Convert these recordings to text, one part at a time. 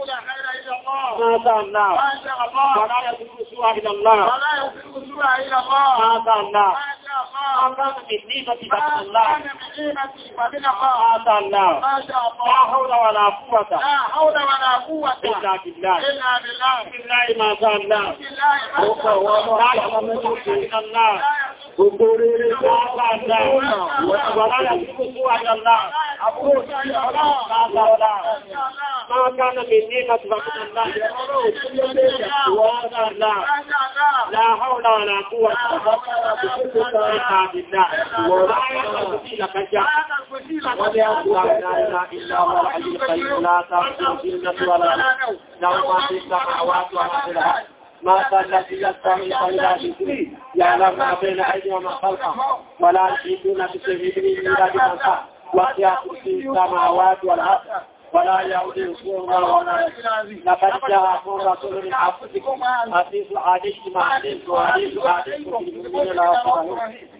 يقول خير إلى الله ما شاء الله ما شاء الله ولا يقول سوء إلى الله ولا يقول سوء إلى الله ما شاء الله أمان بالنيمة فمن الله هذا الله لا حول ولا قوة لا حول ولا قوة إلا بالله إلا بالله بالله ما شاء الله لا يعلم إلا الله Gbogbo rere láàrínlá wọ̀nàbàrá yàtúkú sí àjọ́lá, àbúrò sí ọlọ́ọ̀lá. Máa kánà mi ní màtìbàtìbàtìbà ìrọ̀rọ̀ òkúlé lè wọ́n láàrínlá. Láàáhọ́ láàrín àkúwà ما كان في يستعمل إلا بكره يعلم ما بين أيدي وما خلقه ولا يحيطون في من إلا بمن شاء في السماوات والأرض ولا يؤذيكم لقد جاءكم رسول حفظكم عزيز عليكم عزيز وعزيز عليكم بالمؤمنين العظيم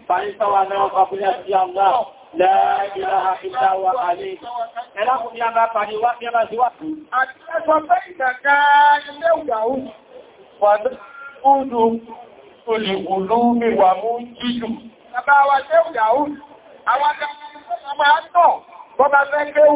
فإن تولوا فقل يسجي الله لا إله إلا هو عليم ẹlọ́kùn ni a bá parí wá bí a bá sí wá. Àti ẹ̀sọ̀ bẹ́ ìdàkà ilé ìyàwó wà lóòdù olùgbòlú mi wà mú jíjù. Bàbá wa jẹ́ ìyàwó, àwọn akẹ́kọ̀ọ́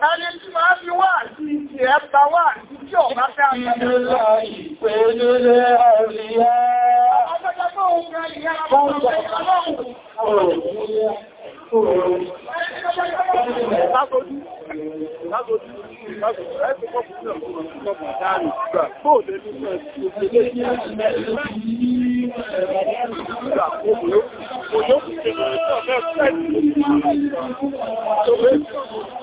Ẹni tí máa fi wá àti ìtì ẹta wá àti tí ọ̀bá fẹ́ àtẹ́lẹ́lẹ́ ìpẹ́lẹ́lẹ́ àríyá. Ọjọ́ tó ń gbá ìyá Thank you.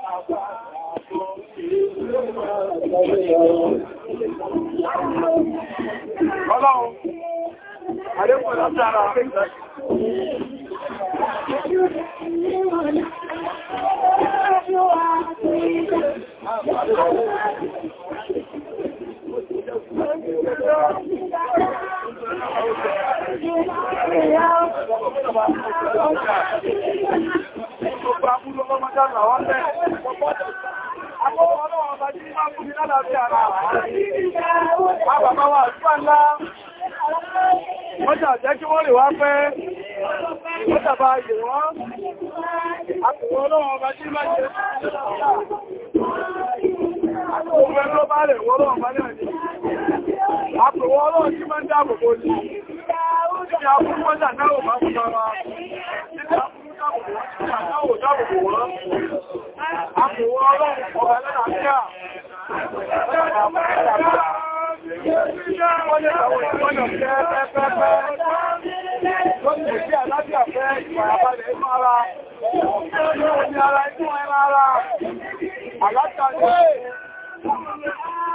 Ọlọ́run, àdékùn látara àfẹ́kẹ́. Ọjọ́ kálàáfíà ara jẹ́ kí wọ́n lè wá pẹ́ mọ́jà bá yè wọ́n àkùnwọ́n lọ́wọ́ bá jí má jẹ́ àkùnwọ́n lọ́wọ́ bá lè wọ́n lọ́wọ́ bá lè àkùnwọ́n lọ́wọ́ jí má ń dáàbò bó ní ìyá fún mọ́jà náà wọ́n bá fún bá wa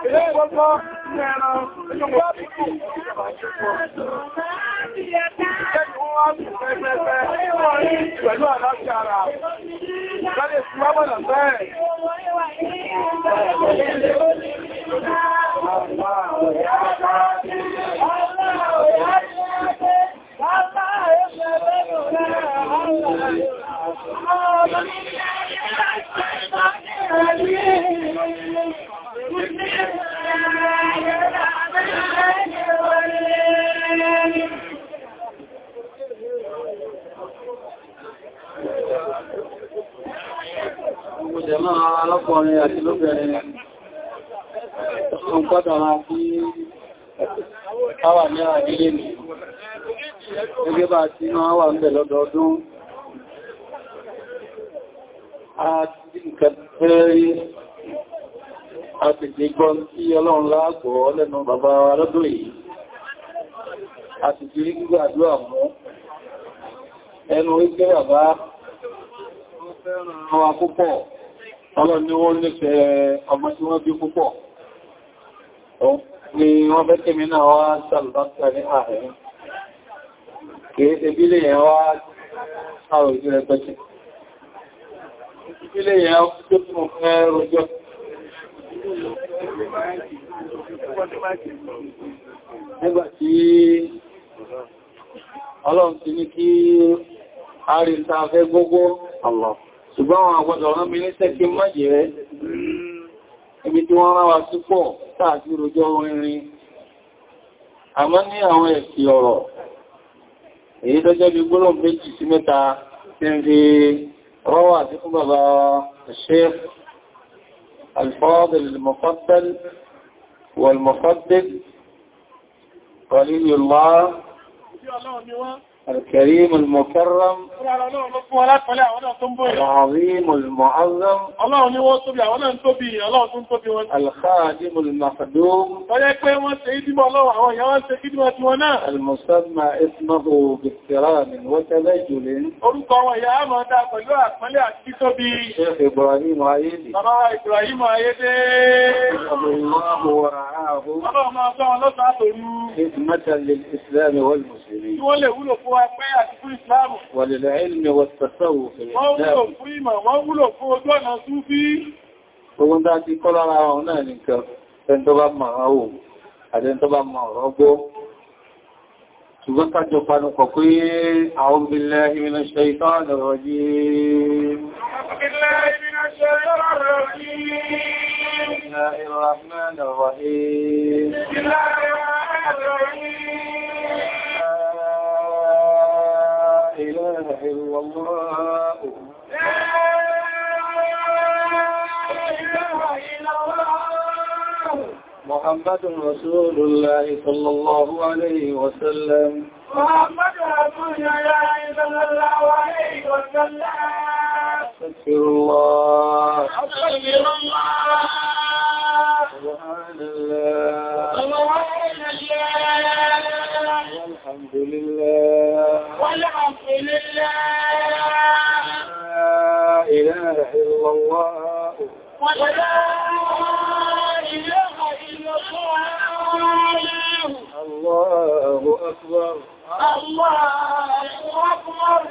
Ilé ìgbogbo ní ẹran ìjọba púpù ìjọba ṣùgbọ́n. Ìjẹ́ ìwọ́n wá sí pẹ́pẹ́pẹ́ pẹ̀lú àlàáfíà ara. Ìjọ́lẹ̀ sí wábọ̀nà bẹ́ẹ̀. Ìjọ́lẹ̀ sí wábọ̀nà bẹ́ẹ̀. náà lọ́kùnrin àti lóbìnrin ọ̀n kọ́dọ̀rọ̀ àti àwà ní àrílé mi gẹ́gẹ́ bá ti máa wà ń bẹ̀ lọ́dọọdún àti ìkẹtẹ́rí àti ìgbọ́n tí ọlọ́run láàgbọ́ lẹ́nu bàbá wa lọ́dún yìí àti ìrí gbígbàdúrà mú ẹnu wípé bàbá Ọlọ́run ni wọ́n nífẹ̀ẹ́ ọmọ tí wọ́n bí púpọ̀. Ni wọ́n bẹ́ tèmi náà wá sàlùbátà ní ààrẹ. Kìí ṣe bílé yẹn wá sàrò ìjírẹ pẹ́kì. Bílé yẹn tó tún fẹ́ rojọ́. Nígbàtí Ọlọ́run ṣùgbọ́n àwọn àgbọ́dọ̀ rán mi níṣẹ́ kí má jẹ́ rẹ̀ ibi tí wọ́n rán wa súpọ̀ tààtí rojọ́ orinrin àmọ́ ní àwọn ẹ̀sì ọ̀rọ̀ èyí tó jẹ́ bí gbọ́lọ̀ méjì sí mẹ́ta tí ń fi rọ́wà sí fún bàbá Sheikh الكريم المكرم العظيم المعظم الخادم المخدوم المسمى اسمه باحترام وتبجل شيخ إبراهيم عيدي الله ورعاه خدمة للإسلام والمسلمين ẹgbẹ́ àti fún ìsìláàmù. Wàlèlè ilmi wà tàṣàwò fèrè. Wọ́n wúlò fún ìmọ̀, wọ́n wúlò fún ojú ọ̀nà súfí. Ogun dá ti kọ́ lára àwọn náà nìkan, ẹni tó bá mọ̀ ọ́ wò, àti ẹni tó bá mọ̀ ọ̀rọ̀ gbọ́. Ṣùgbọ́n kájọ panupọ̀ pé àwọn ilẹ̀ ìrìnà ṣe ìtọ́ àdọ̀rọ̀ yìí. الله لا إله إلا الله محمد رسول الله صلى الله عليه وسلم محمد رسول الله صلى الله عليه وسلم أستغفر الله أستغفر الله الله أكبر الله أكبر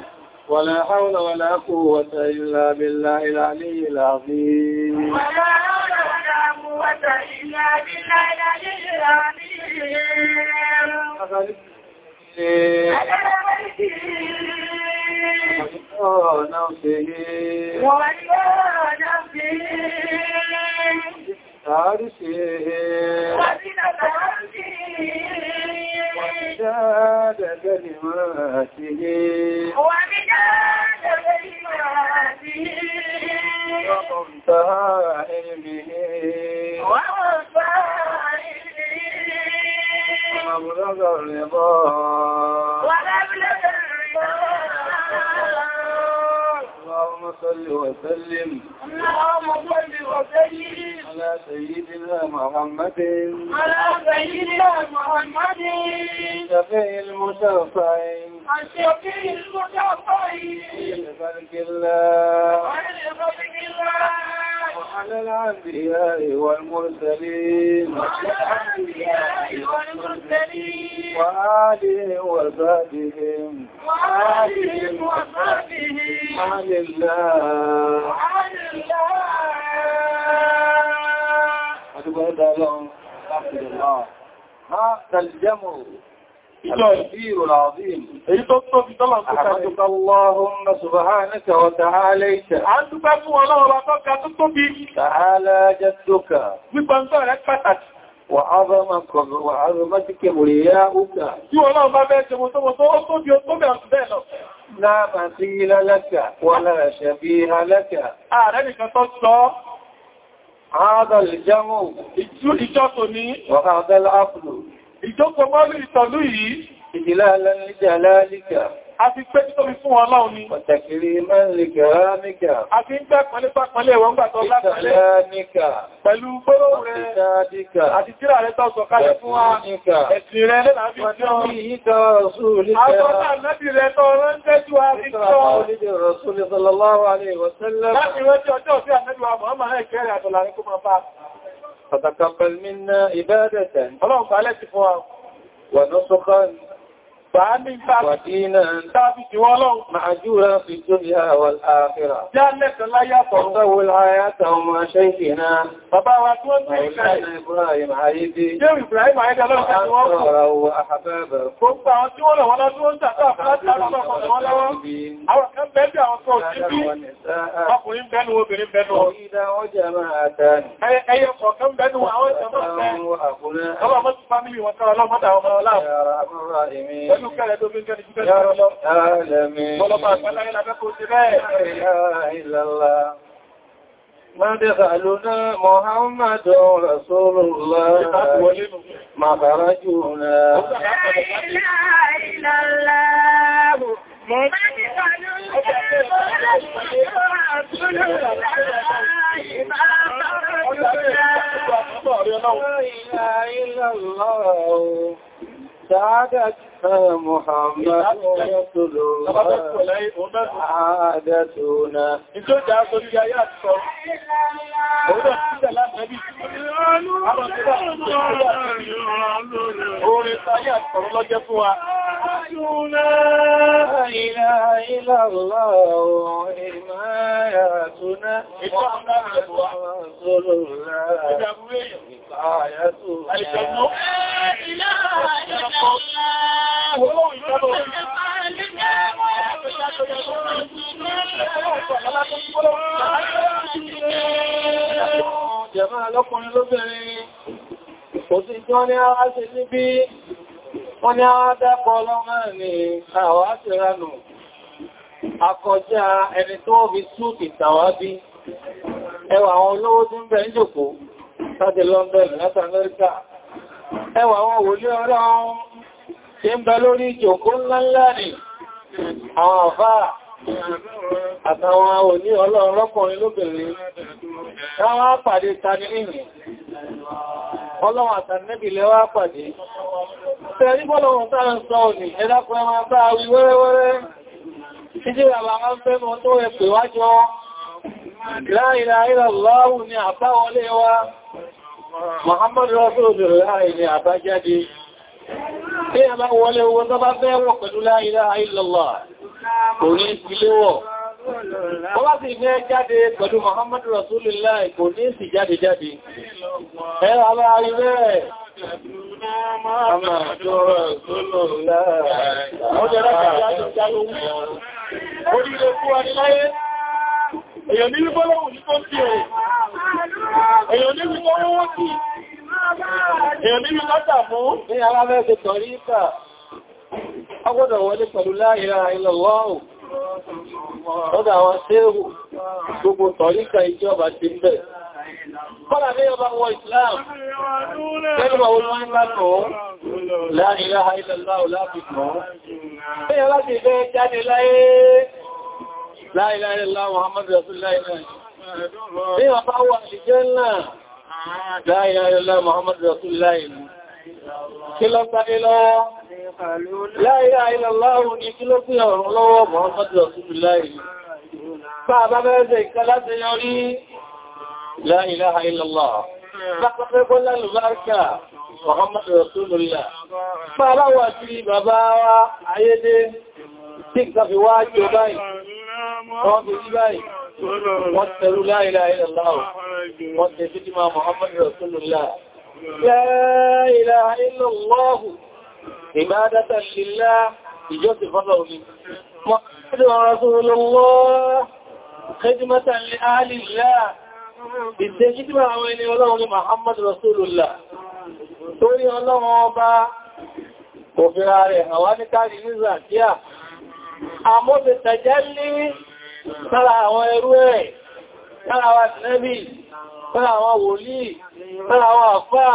ولا حول ولا قوة إلا بالله العلي العظيم ولا حول ولا قوة إلا بالله العلي العظيم أغلب نفسه ومن صل وسلم اللهم صل وسلم على سيدنا محمد على سيدنا محمد الشفيع المشفع الشفيع المشفع خير خلق الله خير خلق الله على الأنبياء والمرسلين وآله وصحبهم وآله وصحبهم عن الله عن الله أتبهد الله الحمد لله هذا الجمع الكبير العظيم اي تصف طلب حمدك اللهم سبحانك وتعاليك عندك والله ربك تصبي تعالى جدك ببنطرك فتك وعظمك وعظمتك مرياؤك والله ما بيت متوسط تصبي تصبي أقبله لا مثيل لك ولا شبيه لك أعرفك تصف هذا الجمع الجوء جاتني وهذا العقل ìjókòó mọ́lú ìtọ̀lú yìí ìdílálẹ́ jàlálíkà a fi pẹ́ títóbi fún ọlọ́run ni pàtàkìrí mẹ́rìnlẹ̀kà rámíkà a fi ń gbẹ́ pẹ̀lú pàpẹ̀lẹ̀ ẹ̀wọ̀n gbà tọ́ látàlẹ́ pẹ̀lú gbọ́rọ̀ rẹ̀ àti tíra rẹ̀ tọ́ sọ̀kalẹ̀ fún wa ẹ̀sìn rẹ̀ lẹ́nà àbí ìjọ́ àgbọ́ta náàbì rẹ̀ tọ́ ránṣẹ́ jù àbí ìjọ́ فتقبل منا عبادة خلاص فعلت فوق ونسخا Fàámi ìfàdínà tàbí ti wọ́n lọ́wọ́ máa júra fi dúnyà wà áàfíra. Já lẹ́kàn láyàtọ̀ ọ̀tọ́wò láyàtọ̀ ọmọ ṣe ìfìnà. Bàbá wa tí wọ́n tún ìfẹ́ Ibrahim Ayédé. Jẹ́ Ibrahim Ayédé lọ́wọ́ tí wọ́n kọ̀. Gbogbo àwọn tí wọ́n lọ́wọ́ lọ́wọ́ tàbí àfẹ́ lọ́wọ́. Àwọn kan bẹ́ẹ̀ bí àwọn kan ò sí bí. Ọkùnrin bẹ́nu obìnrin bẹ́nu. Ìdá ọjà máa dáa. Ẹyẹ kọ̀ọ̀kan bẹ́nu àwọn ìjọba. Ọlọ́mọ́ ti fámílì wọn kára lọ́mọ́dà ọmọ ọlá. Mọ́dẹ̀sàlúná Mọ̀hánmàdù Rasulùlá Màbàrájúná. Ìlàlá Mọ́dẹ̀sàlúná Rasulùlá Màbàrájúná. محمد يطلب عادتنا لا إله إلا الله إماياتنا رسول الله إقايتنا لا إله إلا الله Jẹ̀mọ́ lọ́kùnrin lóbìnrin, kò sí tí wọ́n ní a ṣe níbí, wọ́n ní a dápọ̀ ọlọ́mọ́ ní àwọn àṣìranù, àkọjá ẹni tó bí súùtì tàwábí, ẹwà àwọn olówó tí ń bẹ ń jòkó láti London, láti Amẹ́ríkà, ẹwà àwọn wòlé ọlọ́run tí ń bẹ lórí ìjòkó ńláńlá ni àwọn àfá àtàwọn òní ọlọ́run lọ́kùnrin lóbìnrin táwọn pàdé tani nìyí ọlọ́run àtànẹ́bì lẹ́wà pàdé tẹ́rí bọ́lọ̀wọ̀n táà ń sọ òní ẹ̀dàkùn ẹmà bá wí wẹ́rẹ́wẹ́rẹ́ ni wa Muhammadu ni Tí a bá wọlé owó tó bá fẹ́ wọ̀ pẹ̀lú la ilaha illallah, kò ní ìpìlé wọ̀. Ó bá sì fẹ́ jáde pẹ̀lú Muhammadu Rasulullah, kò ní sì jáde jáde. Ẹ bá rí bẹ́ẹ̀. Muhammadu Rasulullah. Ó jẹ́ láti Èèyàn nínú látà fún ní alábẹ́ ṣe tọ̀rí ìkà. A gbọ́dọ̀ wọlé pẹ̀lú la ilaha illallah lọ́dọ̀ àwọn ṣéhù gbogbo tọ̀rí ìkà ìjọba ti bẹ̀. Kọ́lá ní ọba wọ Islam, lẹ́nu àwọn olórin bá nù la ilaha illallah láti nù. Èèyàn láti fẹ́ jáde láyé la ilaha illallah Muhammadu Rasulullah náà. Bí La ilaha illallah Muhammad Rasulullah ìlú. Kí ló gbáyé lọ́wọ́? La ilaha illallah òun ni kí ló pín ọ̀run lọ́wọ́ Muhammad Rasulullah ìlú. Bá bá bẹ́ẹ̀ṣẹ̀ ìkà láti yọrí La ilaha illallah. Bá pẹ́ kó lálùbáríkà Muhammad Rasulullah. Bá láwà واتلوا لا إله إلا الله واتلوا ما محمد رسول الله لا إله إلا الله عبادة لله يجوزي فضلني محمد رسول الله خدمة لأهل الله ìdẹ́gídìmọ̀ àwọn ẹni ọlọ́run ní Muhammad Rasulullah torí ọlọ́run ọba kò fẹ́ra rẹ̀ àwọn ní káàrí ní Zakiya àmọ́ bẹ̀ tàjẹ́ ní sára àwọn ẹrú ẹ̀ sára àwọn àtìlẹ́bì sára àwọn wòlíì sára àwọn àfá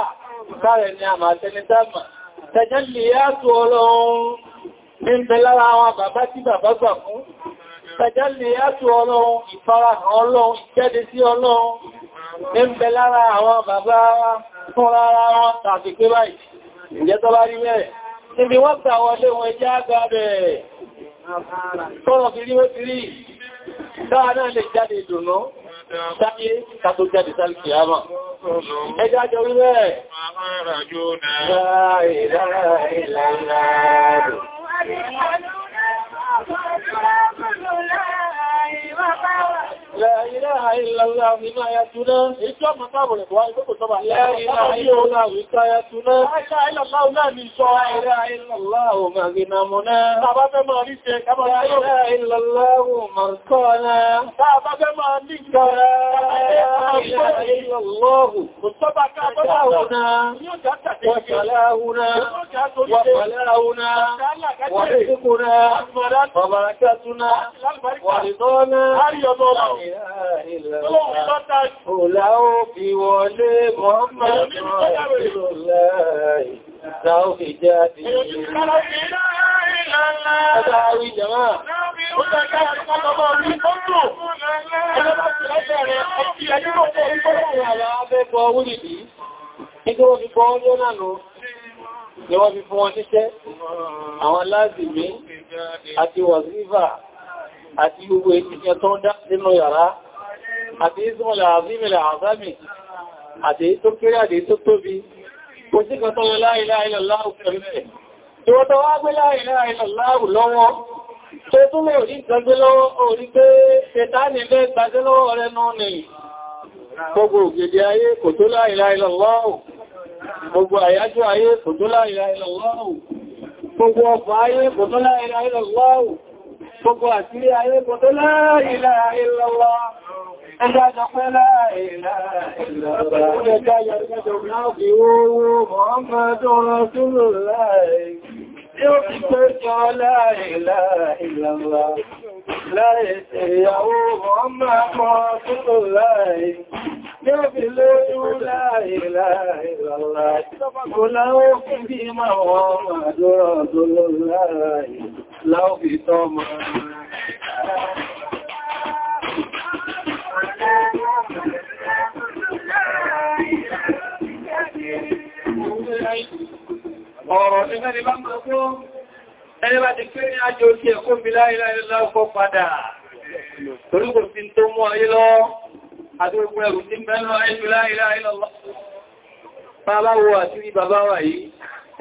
sára ẹni àmà àtẹnitàmà tẹjẹ́lì yàtò ọlọ́run ní ń bẹ lára àwọn bàbá tí bàbá gbà fún tẹjẹ́lì yàtò ọlọ́run ìfarahàn ọlọ́run ìjẹ́de sí ọlọ́run ní ń bẹ lára àwọn bàbá fún rárá wọn tàbí pé báyìí ìjẹ́ tó bá rí bẹ́ẹ̀ níbi wọ́n gbà wọlé wọn ẹjẹ́ àgbà bẹ̀ẹ̀ tọ́rọ̀ fi rí ó ti rí Táà náà lè jáde ìdùnnú, sáyé kàtó jáde sáré kìámà. Ẹjá لا إله إلا الله حمايتنا إجوا مطابل إخوائي بكو طبعا لا إله إلا الله وقايتنا لا إله إلا الله لا نشاء لا إله إلا الله مغنمنا بابا ما نشيك لا إله إلا الله مرقانا بابا ما نشيك لا إله إلا الله مصطبع كابلاهنا وصلاهنا وصلاهنا وحفظنا وبركاتنا ورضانا Òlà ó fi wọlé Muhammadu Rasulullah Ìsáò fi jáde. Ọjọ́ àrí jẹ̀mọ́. Ó tẹ́ká ìpọ́lọ́mọ́ orí tó tó. Ẹlọ́bá ti lọ́jọ́ rẹ̀ ọkí ẹjú lọ́pọ̀ orí pọ́lọ́mọ́ àlá abẹ́ bọ́ wúrì bí. Nígbẹ́ wọ́n fi bọ́ ọjọ́ náà lọ ni wọ́n fi fún wọn níṣẹ́. Àwọn láàzìmí àti wàzífà àti gbogbo ètìyàn tó ń dá nínú yàrá àti ìsúnmọ̀lá àbímìlẹ̀ àbámi àti tó kéré àti tó tóbi kò sí kan tó la ilaha illallah pẹ̀lẹ̀ tí wọ́n tó wá gbé la ilaha illallah lọ́wọ́ tó tún lè rí gbẹ́gbẹ́ lọ́wọ́ orí pé ṣẹ̀tánì lẹ́ gbẹ́gbẹ́ lọ́wọ́ rẹ̀ náà nì gbogbo ògèdè ayé kò tó la gbogbo àyájọ́ ayé kò tó la gbogbo àti ayé gbogbo la ilaha illallah ẹjá jọpẹ́ la ilaha illallah ẹjá yàrìnàjò náà bí owó Muhammadur Rasulullah yóò fi pẹ́jọ la ilaha illallah láì ìyàwó Muhammadur Rasulullah yóò fi lóyún la ilaha illallah kò láwọ́ fún bí máa Muhammadur Rasulullah láòbí tọ́mọ ọ̀rọ̀ tí mẹ́rin bá máa kó ẹni bá ti kí ní àjò tí ẹ̀kọ́ bí láìláìlá láàkọ́ padà torí kò sí tó mú ayé lọ àti ogun ẹrù tí mẹ́lọ ẹjù láìláìlá bàbá wo àti bàbá wà yìí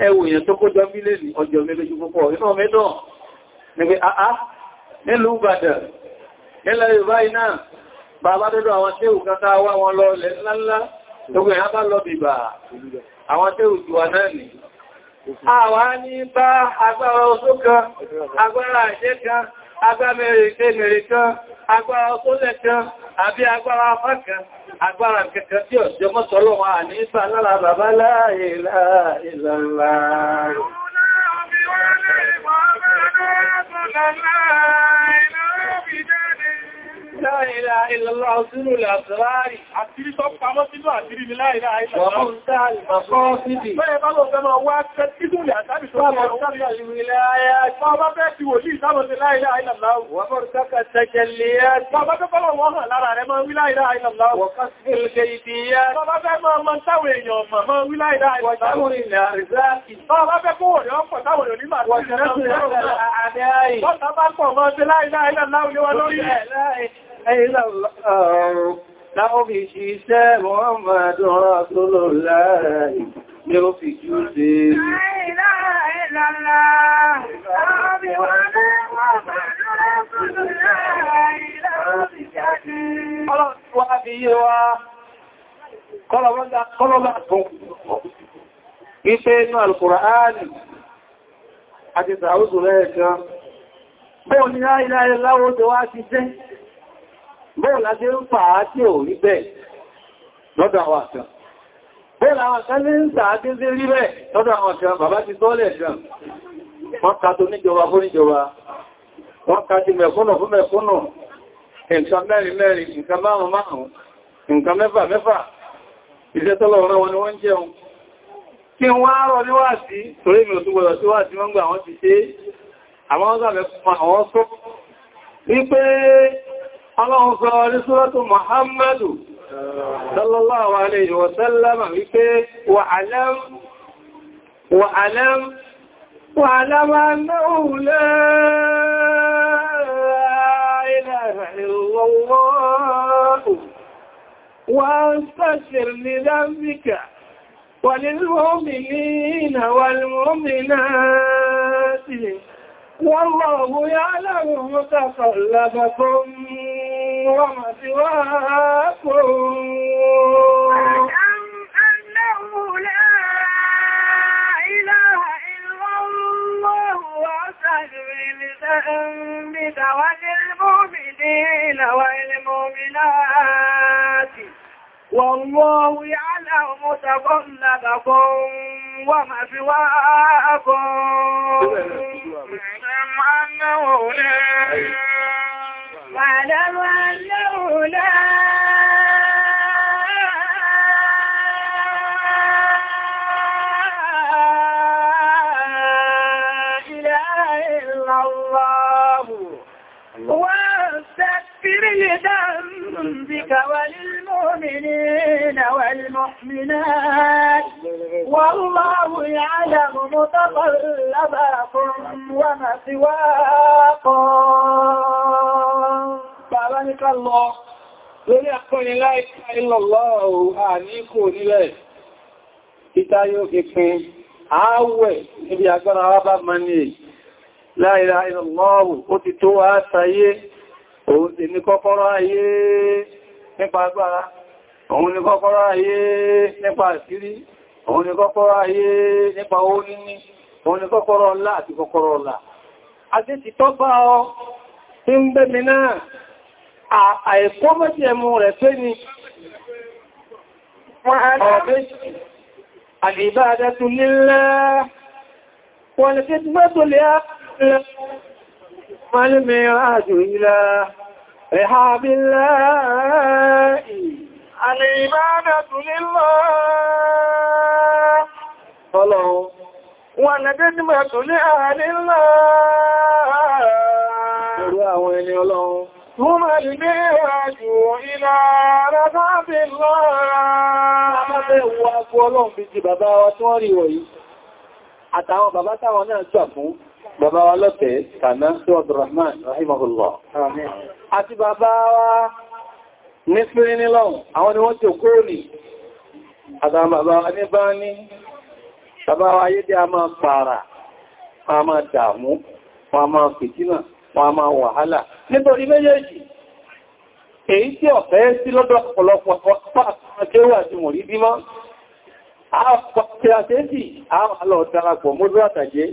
ẹwòyàn tó kójọ mílẹ̀ ọjọ́ mẹ́lẹ́jú púpọ̀ ní pé àá nílùú Ìbàdàn nílẹ̀ Yorùbá iná bàbá dọ́dọ̀ àwọn tí òkà tá wá wọn lọ lẹ́ ńláńlá lókè yá bá lọ bìbà àwọn tí òjò wà náà nì àwa ní bá agbára oṣó kan agbára àṣẹ kan agbára èrèké mèrè kan agbára oṣólẹ̀ kan àbí agbára afá kan agbára kẹ̀kẹ́ tí ọ̀ṣẹ́ mọ́sọ̀lọ́wọ́ àníbà lára bàbá لا إله بجاه láìlá ìlọ́lá òsìrò làṣàrárì àtírí tó pamọ́ sínú àtírí ní láìlá ìlọ́lá òsìrò làṣàrárì. Wọ́n mú ń tààlì pàkọ́ Wọ̀n tàbá pọ̀ mọ́ sí láìláìlá láwọn olówó lórí ẹ̀ láì. إلى الأرض نعوفي شيسا محمد رسول الله نعوفي شيسا لا إلا الله نعوفي محمد رسول الله نعوفي شيسا وأبي يوا kọlọ́bá tún iṣẹ́ inú alkùra'áàlì àti tàúzù rẹ̀ kan bóò ní láìláìláwó tó wá ti jẹ́ bọ́ọ̀ ṣe ń fà tí ò rí bẹ́ẹ̀ lọ́dọ̀ àwọn àṣà bọ́ọ̀ làwọn kan lè ń sà tí ń rí bẹ́ẹ̀ lọ́dọ̀ àwọn àṣà bàbá ti sọ́ọ̀lẹ̀ ṣàn wọ́n ká tó níjọba fún níjọba wọ́n ká ti mẹ̀kúnnù fún mẹ̀kúnnù àwọn ọ̀sán mẹ́kún àwọn sọ wípé Ọlọ́run sọ ní Súrọ́tù Muhammadu, sallallahu alayhi wa sallama wípé wà alẹ́m, wà alẹ́m, wà alẹ́m annáhù la ilaha illallah wà sàṣìr ní dámbíkà wà lilmu'minina wal mu'minati والله يعلم متقلبكم سواكم أعلم أنه لا إله إلا الله وأسأل لذنبك وللمؤمنين والمؤمنات والله يعلم متقلبكم ومثواكم أعلم أنه لا واعلم أنه لا إله إلا الله واستغفر لذنبك وللمؤمنين والمؤمنات والله يعلم متطلباكم ومثواكم bàbá ní ká lọ lórí àkọni láìka ìlọ̀lọ́ àní kò nílẹ̀ níbi agbára wá bá ma ní láìra ìlọ̀lọ́wù ó ti tó wá sáyé òun sì ní kọ́kọ́rọ́ ayé nípa agbára òun ní kọ́kọ́rọ́ ayé nípa àṣírí òun ni kọ́kọ́rọ́ ayé nípa owó níní òun ni kọ́kọ́rọ́ ọlá àti kọ́kọ́rọ́ ọlá àti ti ọ àìkọ́ mẹ́sí ẹmú rẹ̀ pé ni al-ibadatu lillah wal-khidmatu lillah wal-mir'atu ila rihabillah al-ibadatu lillah Ọlọ́run wal-khidmatu li ahli Allah Orí àwọn ẹni ثم المعراج إلى رفعة الله Àmọ́bẹ̀wọ̀ agbó ọlọ́run bí ti bàbá wa tí wọ́n rí wọ̀nyí. Àtàwọn bàbá táwọn náà gbà fún bàbá wa lọ́tẹ̀ Kàná sí Abdurrahman Rahimahullah. Àti bàbá wa ní Fírínílọ́un, àwọn ni wọ́n ti kó ní. Àtàwọn bàbá wa ní bá wa ayé dé a máa wọn a máa wàhálà nítorí méjèèjì èyí tí ọ̀fẹ́ sí lọ́dọ̀ ọ̀pọ̀lọpọ̀ akéwà àti mòrí bímọ́ àpàtàkéjì àwọn alọ́ọ̀darapọ̀ mọ́dú àtàjé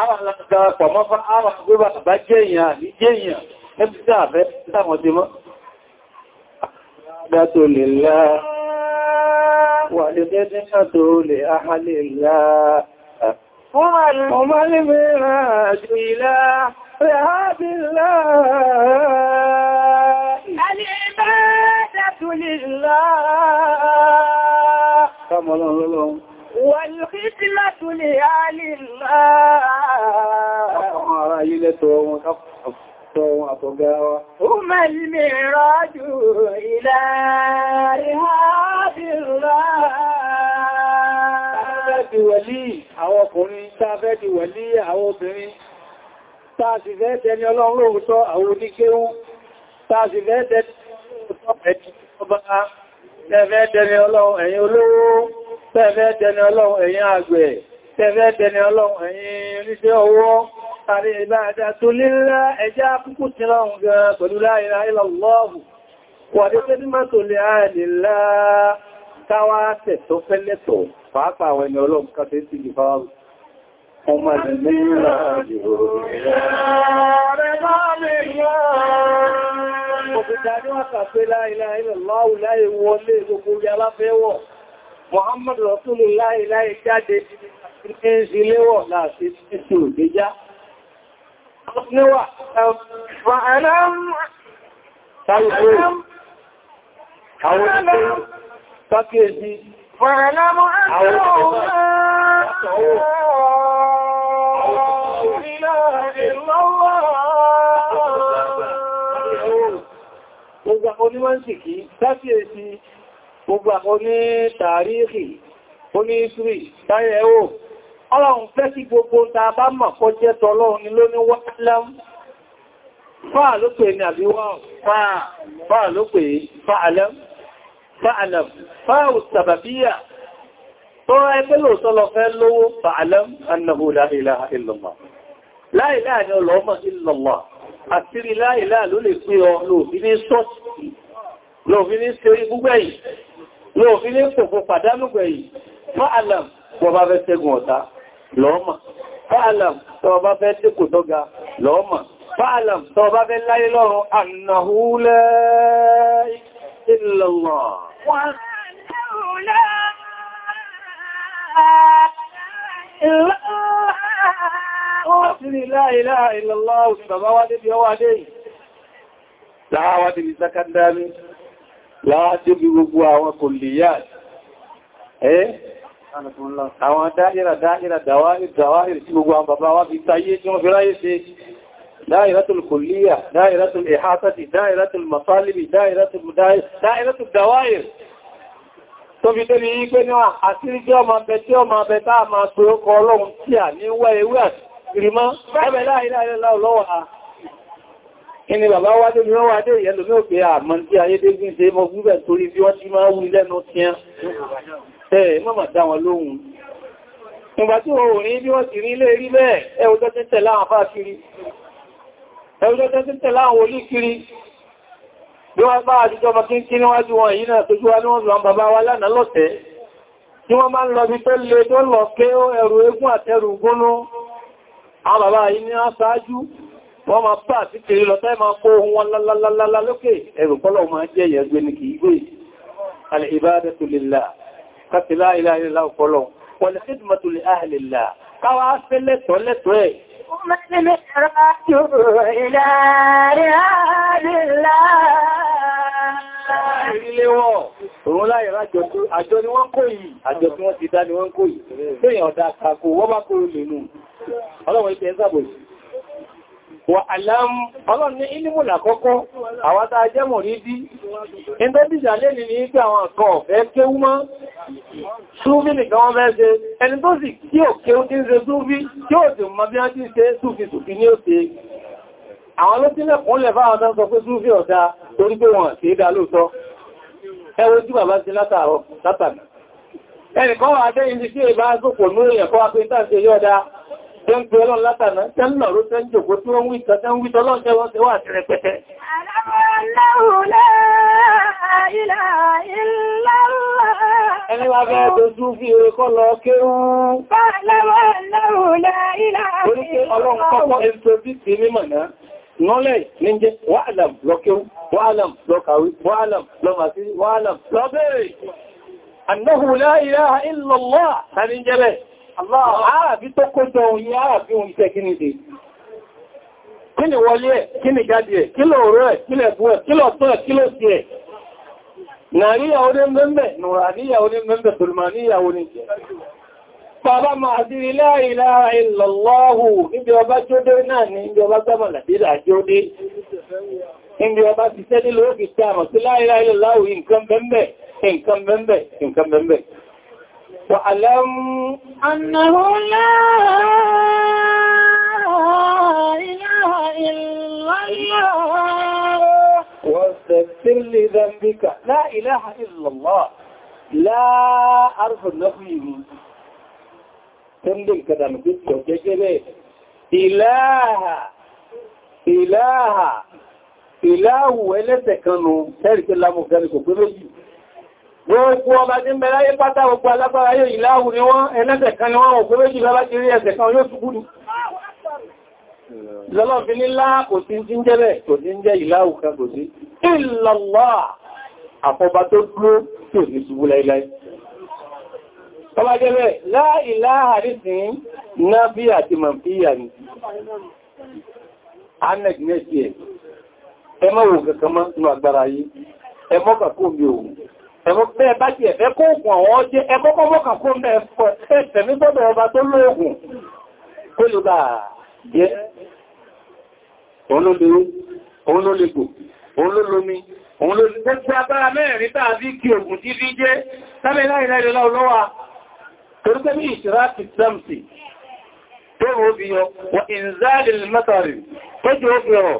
àwọn alọ́ọ̀darapọ̀ mọ́fà àwọn agbébà àbájẹ́ èèyàn àríjẹ́ èèyàn ẹbí tí àfẹ́ sáwọn ti mọ́ Dátò lè láà wà lè وما المراج إلى رهاب الله العبادة لله كما الله والخدمة لآل الله هما المعراج إلى رهاب الله di wẹ̀lí àwọn ọkùnrin táa fẹ́ di wẹ̀lí àwọn obìnrin táa sì fẹ́ tẹni ọlọ́run lóòótọ́ àwọn oníkéwú táa sì fẹ́ tẹni ọlọ́run ẹ̀yin olówó tẹ́fẹ́ tẹni ọlọ́run ẹ̀yin àgbẹ̀ tẹ́fẹ́ tẹni ọlọ́run ẹ̀yin oníṣẹ́ ọwọ́ tàbí ìbáadá tó lílá ẹjá púpù tí lọ́run gan pẹ̀lú la ilaha illallah wà ní tẹ́lú pàápàá àwọn ẹni ọlọ́run káṣe sí ìfàwọ́ ọmọ ìlú ìrìnàjò ìrìnàjò Muhammad Rasulullah láì jáde ní ìṣìléwọ̀ láti títí òdéjá. Níwà, wà ẹ̀nàm tàbí àwọn ìṣẹ́ pàkíyèsí واعلموا أنه لا إله إلا الله Gbogbo àwọn onímọ̀síkí, sáfíèsí, gbogbo àwọn oní tàríìkì, oní ìsìrì, táyẹ̀ ẹ̀wò. Ọlọ́run fẹ́ sí gbogbo ta bá mọ̀ kọ́ jẹ́ tọ́lọ́run ni ló ní wọ́n Fáà ló pè ní àbíwọ́ fáà ló pè fáà lẹ́mù fa'alam fáwù sàbàbíyà tó ẹgbẹ́ lóòsọ́ lọ fẹ́ lówó fa'alam annahu la ilaha illallah la ilaha ni ọlọ́mọ illallah àtírí la ilaha ló lè pé ọ lóòfin ní sọ́ọ̀tì lóòfin ní serí gbúgbẹ̀yìn lóòfin ní fòfò pàdánùgbẹ̀yìn fa'alam wọ́n bá fẹ́ ṣẹ́gun ọ̀tá lọ́ọ̀mà fa'alam tọ́ bá fẹ́ tíkò tọ́ga lọ́ọ̀mà fa'alam tọ́ bá fẹ́ láyé lọ́rùn annahu la ilaha illallah wọ́n lọ́lá Láwádìí bí sákàndámi, láwádìí bí gbogbo àwọn kò lè yá. Ẹ́? Àwọn dáìrà dáìrà dáwà ìdáwà ìrìsí gbogbo àwọn bàbá wá fi táyé tí wọ́n fi ráyé ṣe دائرة الكلية دائرة الإحاطة دائرة المطالب دائرة المدائر دائرة الدوائر tó fi tẹ́lẹ̀ yí pé níwà àtírí jẹ́ ọmọ abẹ tí ọmọ abẹ táà máa pè ó kọ ọlọ́run tí à ní wẹ́ ewé àtìrìmọ́ ẹgbẹ̀ láìláìlá lọ́wọ́ ha ẹni bàbá wá tó mìíràn wá dé ìyẹ́lò ní òpé àmọ́ tí ayé dé gbí ṣe mọ́ gúbẹ̀ ẹgbẹ́gbẹ́ tí ń tẹ̀lá àwọn olíkiri bí wọ́n bá àjíjọ ọmọ kí ń kí níwájú wọn èyí náà tójú wá ní wọ́n lọ bàbá wa lánàá lọ́tẹ̀ tí wọ́n bá ń lọ bí tó lè tó lọ pé ó ẹrù eégún àtẹrù gúnnú àwọn bàbá yìí ní aṣáájú wọ́n máa bá àti kiri lọ tẹ́ máa kó ohun wọn lálálálá lókè ẹrù pọ́lọ̀ máa jẹ́ ìyẹ̀gbé ní kìí gbé al-ibadatu من رايه إلى ريال الله Òun láyé rájọ tó àjọ ni wọ́n kó yìí, àjọ tí wọ́n ti dá ni wọ́n kó yìí, lóyìn ọ̀dá àkàkò wọ́n bá kó lè nù. Ọlọ́wọ́ ìpẹ́ ń sàbòsí wà alam ọlọ́run ní ilimu làkọ́kọ́ àwátá ajẹ́mọ̀ rí bí ẹgbẹ́ bíjà lè ní pé àwọn àkọ́ ọ̀fẹ́ kéwú mọ́ ṣúfí nìkan wọ́n fẹ́ ṣe ẹni tó sì kí ò kéwú tí ń ṣe ṣúfí kí ò sì mọ́ bí wọ́n ti ṣe ṣúfí ṣùfí ní òṣè àwọn ló tí lẹ́kùn lẹ̀ fáwọn tán sọ pé ṣúfí ọ̀dá torí pé wọ́n ṣe é dá lóòtọ́ ẹ wo tí bàbá ti látàrọ látàrí ẹnìkan wà dẹ́yìn ti ṣe ìbá sòpò lórí ẹ̀kọ́ apẹ́ntà ṣe yọ́dá tẹ́ ń gbé ọlọ́run látàná tẹ́ ń lọ̀rọ̀ tẹ́ ń jòkó tí wọ́n ń wíta tẹ́ ń wíta ọlọ́run tẹ́ wọ́n tẹ́ wà sí rẹpẹtẹ. Ẹni wá bẹ́ dojú fi orekọ́ lọ kéhú. Oríkẹ́ ọlọ́run kọ́kọ́ introduce Ààbí tó kójọ òyìn ààbí ohun iṣẹ́ kí ni dè. Kí ni wọlé ẹ̀, kí ni jáde ẹ̀, kí lọ òró ẹ̀, kí lọ ẹ̀bú ẹ̀, kí lọ tọ́ ẹ̀, kí lọ sí ẹ̀. Nàíríyà oní mẹ́mẹ́, Nùràníyà oní mẹ́mẹ́, Tòlùmàníyà oní. Bàbá máa sí ilé ìlàrà ìlọ̀lọ́hù níbi ọba jódé náà ní وعلم أنه لا إله إلا الله واستغفر لذنبك لا إله إلا الله لا أعرف النفي تمدل كذا نقول كذا إله إله إله ولا كانوا تارك الله مكانك وكذا gbogbo ọba tí ń bẹ láyé pátá gbogbo alágbára yóò ìláhù ni wọ́n ẹlẹ́sẹ̀ kan ni wọ́n òkú méjì lọ́bá ti rí ẹsẹ̀ kan yóò túgbùdù lọ́lọ́fin nílá kò sí ń jẹ́ bẹ̀ kò sí ń jẹ́ ìláhù kan kò sí ìlọ́lọ́ àfọba tó dúró tí ò sí ṣubú láíláí ọba jẹ́ bẹ̀ láìláhà nísìn nábí àti màmfíyà ni anec next year ẹ mọ́ wò kankan mọ́ nínú agbára yìí kàkó mi òun ẹ̀mọ́ bẹ́ẹ̀ bá jẹ́ ẹ̀kọ́ ògùn àwọn ọjẹ́ ẹkọ́kọ́ mọ́kàn fún mẹ́fọ́ ẹ̀fẹ̀mí gbọ́dọ̀ ọba tó lóògùn kó lè bá jẹ́ òun ló lérú òun ló lègbò òun ló lómi òun ló gbogbo agbára mẹ́rin tàbí kí ògùn tí fi jẹ́ sábẹ́ láìláìlá olówà torípé bí ìṣirá ti sẹ́msì tó rò ó bí yọ wọ ìnzáàlì mẹ́tàrí tó jẹ́ ó fi ọ̀rọ̀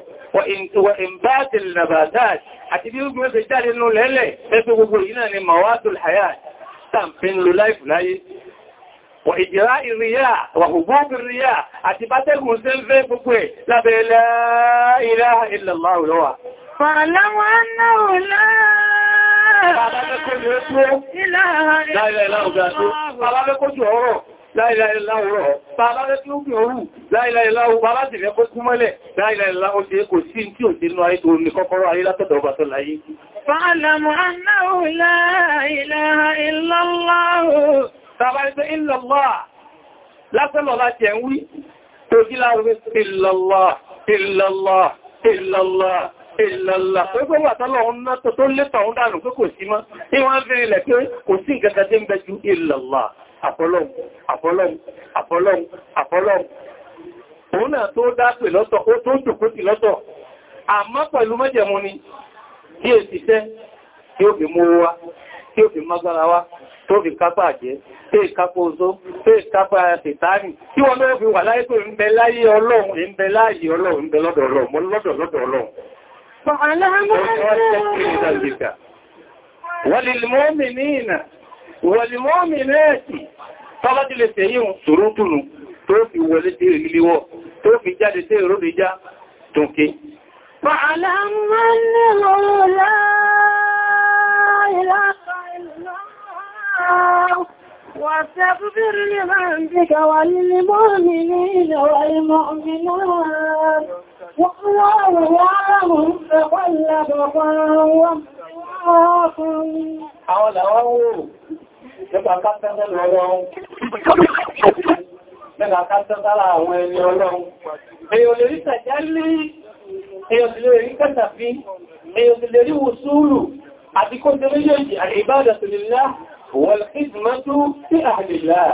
وإنبات النباتات àti bí ó gbé jáde nínú lẹ́lẹ̀ ẹgbẹ́ gbogbo yìí náà ni mawatul hayat tàbín ló láìfù láyé wà ìjìrá ìrìyà wà hùgbóògì ríyà àti bátẹ́gùn sí ń fẹ́ gbogbo ẹ̀ lábẹ́ la ilaha illallah lọ́wà Ìlàhà ìlàhà ìlàhà ìlàhà láìláìláwọ̀ bàbá rẹ̀ tí ó fi orú láìláìláwọ̀ bàbá sì rẹ̀ kó kú mọ́lẹ̀ láìláìláwọ̀ ṣe kò sí tí ò sínú ayé tó ní kọ́kọ́rọ́ ayé látọ̀dọ̀ ọba tó láyé. fa'alamu annahu la ilaha illallah tàbá ẹgbẹ́ illallah lásánà láti ẹ̀ ń wí tó jí láàrin illallah illallah illallah ìlàlà pẹ́gbẹ́ wà tọ́lọ̀ ọ̀hún náà tó lẹ́tọ̀ ọ̀hún dànù pé kò sí mọ́ ní wọ́n àfọlọ́run àfọlọ́run àfọlọ́run àfọlọ́run òun náà tó dápè lọ́tọ̀ ó tó dùkú sí lọ́tọ̀ àmọ́ pẹ̀lú mẹ́jẹ̀mú ni kí è ṣiṣẹ́ kí ó fi mú wa kí ó fi mágbára wa tó fi kápá àjẹ́ tí ìkápá oṣó tí ìkápá ṣètáàrì tí wọ́n lọ́wọ́ fi wà láyé tó ń bẹ láyé ọlọ́run ń bẹ láyé ọlọ́run ń bẹ lọ́dọ̀ ọlọ́run lọ́dọ̀ lọ́dọ̀ ọlọ́run Wọ́n lè mọ́ mìíràn wọ̀lìmọ́mì mẹ́ẹ̀sì tọ́bájú lè tẹ̀yí ṣòrótùnù tó fi wọlé tí ìrìlíwọ́ tó fi jáde tí ìrò lè já tónké. واستغفر لذنبك nípa kásẹ́sẹ́ lọ́wọ́n nípa kásẹ́sẹ́ àwọn ẹni ọlọ́run èyàn lè rí tẹ̀jẹ́lì èyàn lè rí kẹtàfí èyàn lè rí wùsúrù àti kó tẹ méjèèjì al-ibadatu lillah wal-khidmatu li ahlillah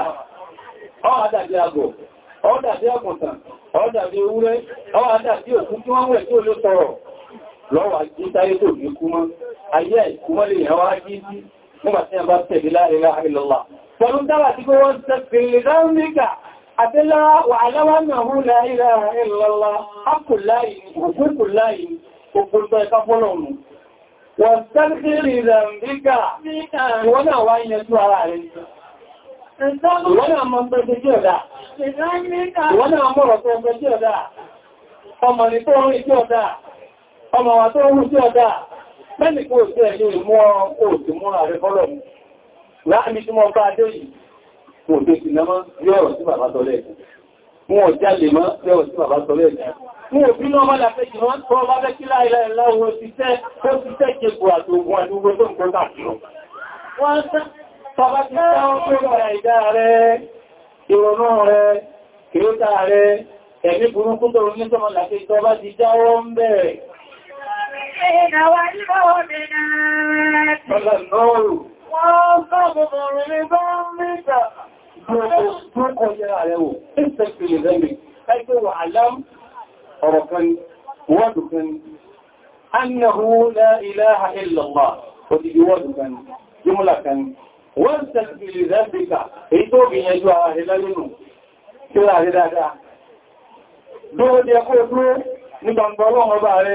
ó dàbí àgbò ó dàbí àkùntàn ó dàbí ewúrẹ́ ó dàbí òkú tí wọ́n wẹ̀ tí ó ló sọ̀rọ̀ lọ́wọ́ àjítáyé tó ní kúmọ́ ayé ìkúmọ́ lè yẹn wá jí sí nígbà tí a bá tẹ̀lé la ilaha illallah pẹ̀lú dára tí kó wọ́n tẹ̀sí lè dáríkà àti wà aláwọ̀nàwó la ilaha illallah akùnláyì òkúnkùnláyì òkúntọ́ ẹ̀ká fọ́lọ̀nù wọ́n tẹ̀sí lè dáríkà wọ́n náà wáyé tó ara rẹ̀ Ìwọ́n náà mọ́ ọ̀pẹ́ jẹ́ ọ̀dá. Ìwọ́n náà Bẹ́ẹ̀ni kó ṣe ẹ̀lú ìmọ́ òòtù múra rẹ̀ fọ́lọ̀ mú. Láàmì tí wọ́n bá dé yìí, kò dé sí náà yọ ọ̀rọ̀ sí bàbá tọ́lẹ̀ ẹ̀kùn. Wọ́n jálè mọ́ yọ sí bàbá tọ́lẹ̀ ẹ̀kùn. Wọ́n òbí náà mọ́lá fẹ́ jù wọ́n tọ́ bá fẹ́ kí láìláì láwọn òṣìṣẹ́ tó ti tẹ́ jẹ́kù àtògùn àdúgbò tó ń kọ́ káàkiri. Wọ́n tọ́bá ti táwọn pé ọ̀rẹ́ ìdá rẹ̀, ìrònú rẹ̀, kìrítà rẹ̀, ẹ̀mí burúkú tó ronú sọ́mọ́lá fẹ́ tọ́bá ti jáwọ́ ń bẹ̀rẹ̀. المؤمنين والمؤمنات Wọ́n kọ́ bọ̀bọ̀rọ̀ ní bá ń mẹ́ta. Tó kọ́ yára rẹ̀ wò, ìsẹ́kì lè rẹ̀ mi, ẹgbẹ́ wà alám ọ̀rọ̀ kan, wọ́dù kan, أنه لا إله إلا الله وتجوادك جملة وانسك لذاتك إيطوك يجوى أهلا منه كلا أهلا دا دو دي أقول نبان بلون وبعلي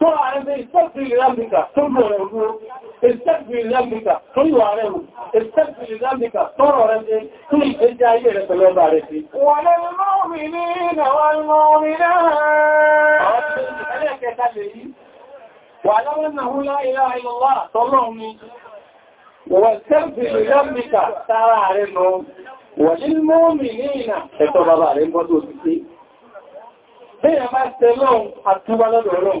tó ààrẹ bẹ ìsẹ́fìlì lámbìkà tó bọ̀rẹ̀ ògúrò ìsẹ́fìlì lámbìkà tó yíwà rẹ̀ mú ìsẹ́fìlì lámbìkà tọ́rọ̀ rẹ̀ bẹ tó ìgbẹ́jẹ́ ayé rẹ̀ pẹ̀lú ọba rẹ̀ sí wọ́n lẹ́nu mọ́rin ní ìdàwọn mọ́rin náà Wọ̀lílmọ́mìnìyàn ẹ̀tọ́ bàbá rẹ̀ ń bọ́ tó ti sí. Bí ẹ bá àtúbálọ́dọ̀ lọ́run,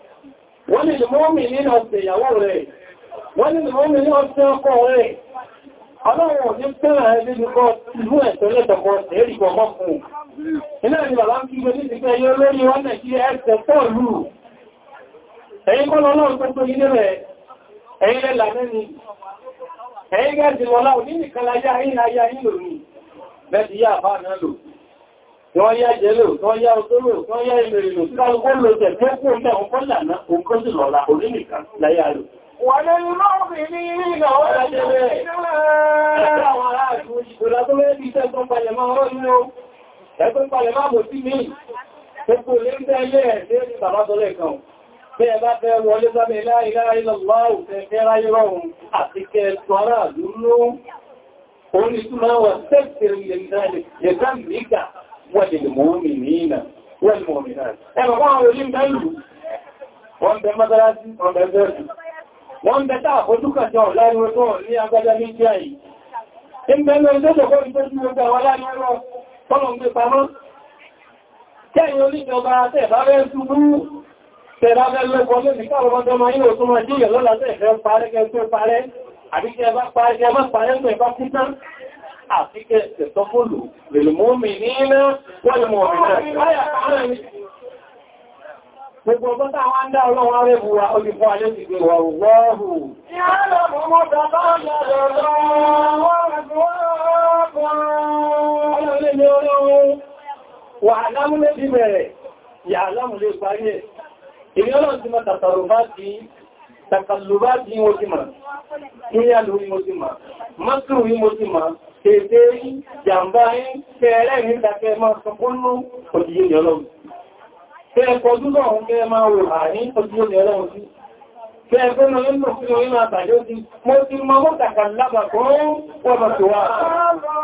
wọ́n ni lèmọ́mì ní ọ̀sẹ̀ ìyàwó rẹ̀ wọ́n ni lèmọ́mì ní ọ̀sẹ̀ ọkọ rẹ̀ ọlọ́run ní pẹ́rẹ̀ ẹgbẹ́ ìlúkọ́ ìlú ẹ̀tọ́ lẹ́tọ̀kọ́ ẹ̀rìkọ̀ mọ́ fún iná ni bàbá ń kí gbé ní ìgbẹ́ yóò lórí wọ́n nẹ̀ kí ẹ̀ẹ́sẹ̀ pọ̀lú ẹ̀yìn kọ́ lọ́lọ́run tó tó ilé rẹ̀ ẹ̀yìn lẹ́là mẹ́ni ẹ̀yìn gẹ́ẹ̀sì lọ́lá òní nìkan láyá ayé ayé lòrí bẹ́ẹ̀ ti yá àbá náà lòrí tí wọ́n yá ìjẹ́lẹ̀ tí wọ́n yá òtòrò tí wọ́n yá ìrìnlò tí wọ́n lò tẹ̀ tí ó kún mẹ́ òun kọ́lá náà òun kọ́ sí lọ́la onínìkan láyá rẹ̀ wọ́n lè lọ́rùn ní ìrìnlò ọ̀rọ̀ jẹ́lẹ̀ ẹgbẹ́ àwọn ará àti òṣìṣẹ́ látọ́lẹ́ bí iṣẹ́ tó ń palẹ̀ máa rọ́ inú ẹgbẹ́ palẹ̀ máa bò sí mi gbogbo lè ń tẹ́lẹ̀ ẹ̀ṣẹ́ ìtàbátọ́lẹ̀ kan bí ẹ bá fẹ́ wọlé sábẹ̀ láìláìlọ́láwò fẹ́ fẹ́ ráyé rọrùn àti kẹ́ ẹ̀tọ́ aráàlú ló orí túnmọ́ wọ́n tẹ́ẹ̀kì wal-mu'minīna wal-mu'mināt ẹ̀rọ wọ́n àwọn olí ń bẹ́ lù wọ́n bẹ mọ́sálásí wọ́n bẹ bẹ́ẹ̀lù wọ́n bẹ táà ojúkà jọ láàrin ọjọ́ ní agbájá ní jẹ́ yìí ń bẹ́ lọ ìjọ́jọ́ kọ́ ìjọ́jú ọgbà wà láàrin ọjọ́ tọ́lọ̀ ń gbé pamọ́ kẹ́yìn oníjọba tẹ̀bá rẹ̀ ṣubú tẹ̀bá rẹ̀ lọ́pọ̀ lórí káwọn ọjọ́ máa yíò tó máa jíyàn lọ́la tẹ̀fẹ́ parẹ́ kẹ́ àfikẹ́ ìtẹ̀sọ́fòlù lèlùmọ́mì ní iná wọ́n ni mọ̀ Gbogbo ọgbọ́n tàà wá ń dá ọlọ́run arẹ́bù wa olùfọ́ alẹ́ ti gbé wà wọ́ọ̀hù. Ìyálà mọ́ mọ́ bàbá ọjọ́ lọ́wọ́ wọ́n wọ́n wọ́n wọ́n wọ́n tètè jàmbá yìí tẹ́ẹ̀rẹ́ ní ìdàkẹ́ máa sọkúnnú òjìyè ìyọ́lọ́run tẹ́ẹ̀kọ́dún náà ń kẹ́ máa wò àárín òjìyè ìyọ́lọ́run sí Kẹ́ẹ̀kọ́nà nínú sí orí máa tàjọ́ sí, mo ti mọ mọ́ tàkà lábà kan wọ́n bá ti wá àtàrà.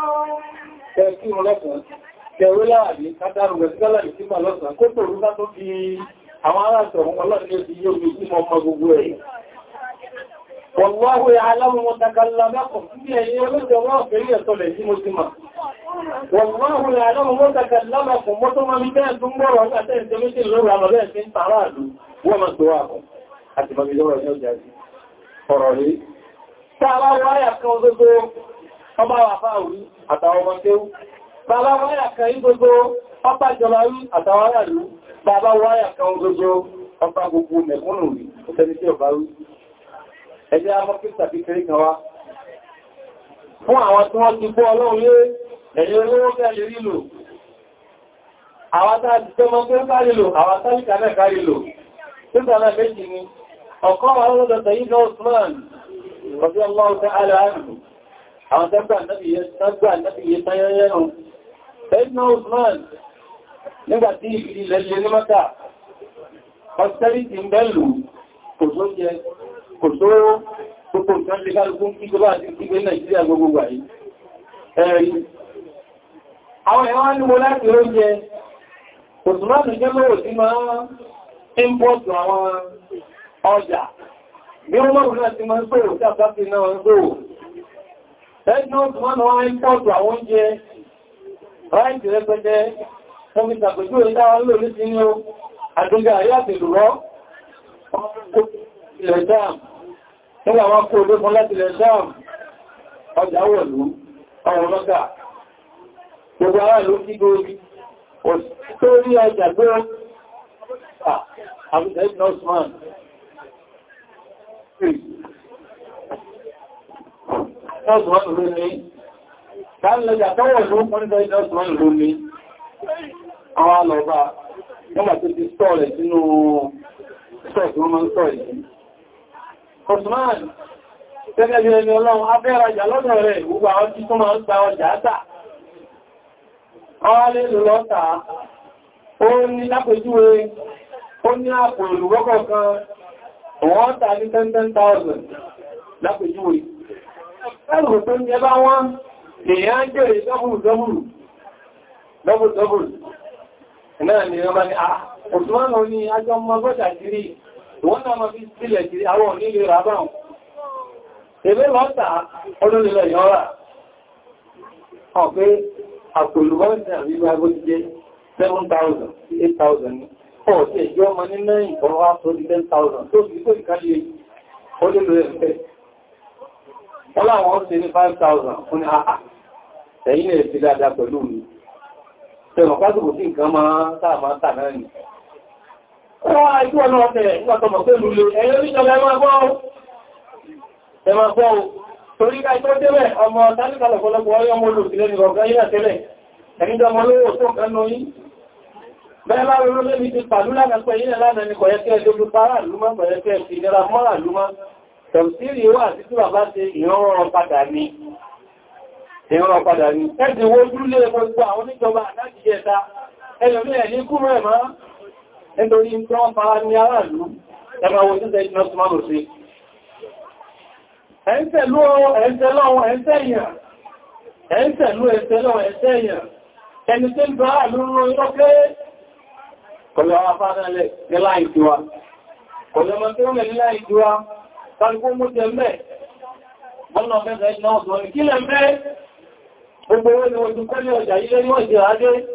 Kẹ́ẹ̀kí wọn lọ́sàn, kẹ̀rọ láàrí kátàrù rẹ̀ sílẹ̀ ìsímà lọ́sàn, kó Wọ̀lọ́wọ́ ìhàlámù mọ́tàkàlámẹ́kùn ní ẹ̀yẹ olóòjọ́wọ́ òfèrí ẹ̀tọ́lẹ̀ yí mo ti máa. Wọ̀lọ́wọ́ ìhàlámù mọ́tàkàlámẹ́kùn mọ́tọ́ máa ní bẹ́ẹ̀ tún gbọ́rọ̀ ọjọ́ àti ìjẹ́mítì lórí àwọn ọ̀rẹ́ ẹ̀sìn tààràlú wọ́n máa tó wà kùn àti bàbí lọ́rọ̀ ẹ̀sìn ọjà sí ọ̀rọ̀ rí. Tààrà wáyà kan gbogbo ọba wà fáwí àtàwọn ọmọ kéwú. Bàbá wáyà kan gbogbo ọba jọba rí àtàwọn aráàlú. Bàbá wáyà ẹjẹ́ amọ́kítà bí kiri kan wá fún àwọn tí wọ́n ti bọ́ ọlọ́run lé ẹ̀yẹ olówó kẹ́lẹ̀ rílò àwátá ti tẹ́ mọ́ pé kárílò àwátá ní kàmẹ́ kárílò títàlá méjì ni ọ̀kan wà lọ́dọ̀ tẹ̀yí lọ́sùmán kọfí ọmọ ọ̀tẹ́ aláàrùn àwọn tẹ́gbà nẹ́bìyẹ tányányẹ́rùn tẹ́yí lọ́sùmán nígbàtí ìfìdí lẹ́lẹ́ ní mọ́ta ọ̀sẹ́rì ti ń bẹ́lù kò tó jẹ kò tó gbogbo nǹkan lè kálùkún kí tó bá ti gbé Nàìjíríà gbogbo wà yìí ẹ̀rí àwọn ẹ̀wọ́n ní mo láti oúnjẹ òsùnmọ́sùn jẹ́ lọ́wọ́ sí máa ń pọ́ọ̀tù àwọn ọjà bí wọ́n mọ́rún láti máa ń pèrò sí àpapì náà ń gbòòrò ẹgbẹ́ òsùnmọ́nà wọ́n ń pọ́ọ̀tù àwọn oúnjẹ ráìtì Tọ́lá wọn kó olé fún láti lẹ̀ Ṣáàm, ọjà wọ̀lú, àwọn ọlọ́gà. Gbogbo ara ló kí lórí, tó rí ọjà gbé àbúdá ìbìnà Osman. Osman ló ní, káàlọ́jà tọ́wọ̀ ló mọ́ nígbà ìbìnà Osman ló ní, àwọn alọ́ba, wọ́n bá tó ti sọ́ọ̀lẹ̀ sínú Osman, gẹ́gẹ́ bí ẹni ọlọ́run abẹ́rajà lọ́dọ̀ rẹ̀ gbogbo àwọn tí tó máa ń gba ọjà átà. Ọwá lè lò lọ́ta, ó ní lápẹjúwe, ó ní àpò olùgbọ́kọ̀ kan, wọ́n tà ní 10,000 lápẹjúwe. Ẹrù tó ní ẹbá wọ́n, èèyàn ni ọba ni, ah, Osman ní wọ́n náà máa fi sílẹ̀ kiri àwọn onílé ràbáhùn ebe lọ́ta ọdún lílọ ìyọ́ra ọ̀pẹ́ àpòlùwọ́sẹ̀ àríwá bó ti jẹ́ 7,000 8,000 ní ọ̀sẹ̀ ìjọ ọmọ ní mẹ́rin ọ̀rọ̀ àtọ́ di 10,000 tó sì tó ìkálẹ̀ ọdún lílọ ìfẹ́ ọláwọn ọ̀sẹ̀ ní 5,000 fún ní àà ẹ̀yìn ẹ̀sẹ̀ dáadáa pẹ̀lú mi tẹ̀rọ̀ pásìkò sí nǹkan máa tàà máa tà náà Torí ká ìtọ́ tẹ́lẹ̀ ọmọ tánìkàlẹ̀ ọ̀pọ̀lọpọ̀ ọyọ́ mọ́ olùsílẹ̀ ní ọ̀gá yíra tẹ́lẹ̀, ẹ̀yìn jọmọ olówó tó kan lọ yìí. Bẹ́ẹ̀ láàrín olóòlé mi ti pàdú lánàpẹ́ yìí lánàá ní kọ̀yẹ́kẹ́ ẹjọ́ pàrà lúmọ́ kọ̀yẹ́kẹ́ ìjẹra mọ́rà lúmọ́. Tẹ̀m̀sírí wà sí tí bàbá ti ìrọ̀rọ̀ padà ní. Ìrọ̀rọ̀ padà ní. Ẹ nítorí tí wọ́n fara ní aráàlú ẹgbà wo títẹ̀ ìjìnà tó máa lò sí ẹ̀ẹ́sẹ̀ lọ́wọ́ ẹ̀ẹ́sẹ̀ lọ́wọ́ ẹ̀ẹ́sẹ̀ èèyàn ẹni tí ń bá àlú rọ irọ́ pé kọlọ afárẹ́lẹ̀ ní láì jíwá kọlọ mọ́ tí ó mẹ́ ní láì jíwá tàbí mú jẹ mẹ́ bọ́nà ọ̀fẹ́